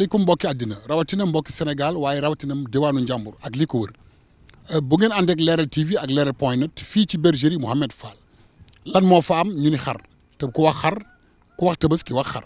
asalaamaaleykum mbokki àddina rawatina mbokki Sénégal waaye rawatina diwaanu Njàmbur ak li ko wër euh, bu ngeen ànd ak leeral TV ak leeral point net fii ci bergerie Mouhamed Fall lan moo fa am ñu ni xar te ko wax xar ku wax tabaski wax xar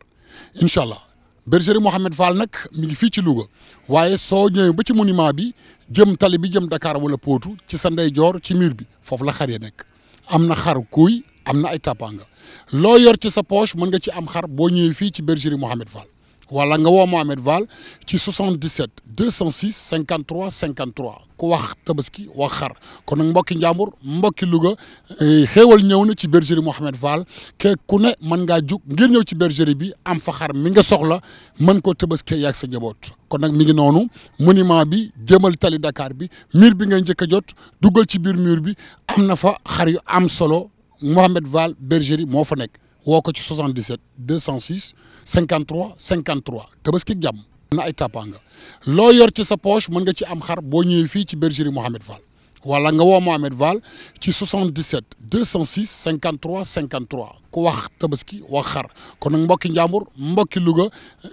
incha allah bergerie Mouhamed Fall nag mi ngi fii ci Louga waaye soo ñëwee ba ci monument bi jëm tali bi jëm Dakar wala Potou ci sa ndeyjoor ci miir bi foofu la xar ya nekk am na xar kuuy am na ay tàppanga loo yor ci sa poche mën nga ci am xar boo ñëwee fii ci bergerie Mouhamed Fall. wala nga woo Mohamed Vall ci 77 206 53 53 ku wax tabaski wax xar kon nag mbokki njàmbur mbokki Louga eh, xéewal ñëw na ci bergerie Mohamed Vall ke ku ne mën ngaa jug ngir ñëw ci bergerie bi am fa xar mi nga soxla mën koo tabaskee yàgg sa njaboot kon nag mi ngi noonu monument bi jëmal tali Dakar bi mur bi nga njëkk a jot dugal ci biir miir bi am na fa xar yu am solo Mohamed val bergerie moo fa nekk. woo ko ci 77 206 53 53 tabaski jàmm. na ay nga loo yor ci sa poche mën nga ci am xar boo ñëwee fii ci bergerie Mouhamed Fall wala nga woo Mouhamed val ci 77 206 53 53. ku wax tabaski wax xar kon nag mbokki njàmbur mbokki Louga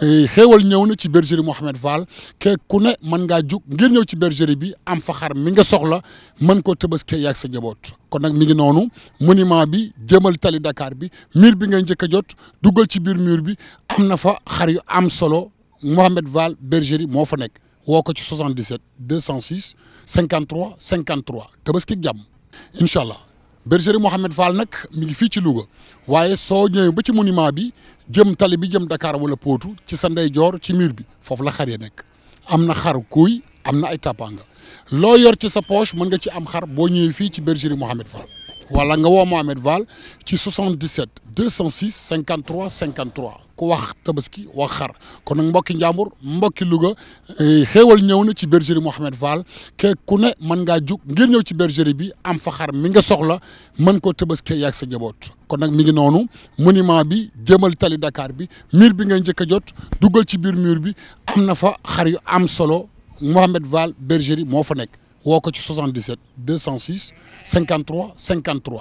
eh, xéewal ñëw na ci bergerie Mouhamed Fall ke ku ne mën ngaa jug ngir ñëw ci bergerie bi am fa xar mi nga soxla mën ko tabaski yaag sa njaboot kon nag mi ngi noonu monument bi jëmal tali Dakar bi mur bi ngay njëkk a jot duggal ci biir miir bi am na fa xar yu am solo Mouhamed val bergerie moo fa nekk woo ko ci 77 206 53 53 tabaski jàmm incha allah bergerie Mouhamed Fall nag mi ngi fii ci Louga waaye soo ñëwee ba ci monument bi jëm tali bi jëm Dakar wala Potou ci sa ndeyjoor ci miir bi foofu la xar ya nekk am na xar kuuy am na ay nga loo yor ci sa poche mën nga ci am xar boo ñëwee fii ci bergerie Mouhamed Fall. wala nga woo Mohamed Vall ci 77 206 53 53 ku wax tabaski wax xar kon nag mbokki njàmbur mbokki Louga eh, xéewal ñëw na ci bergerie Mohamed val ke ku ne mën ngaa jug ngir ñëw ci bergerie bi am fa xar mi nga soxla mën koo tabaski yaag sa njaboot kon nag mi ngi noonu monument bi jëmal tali Dakar bi mur bi ngay njëkk a jot dugal ci biir mur bi am na fa xar yu am solo Mohamed val bergerie moo fa nekk woo ko ci 77 206 53 53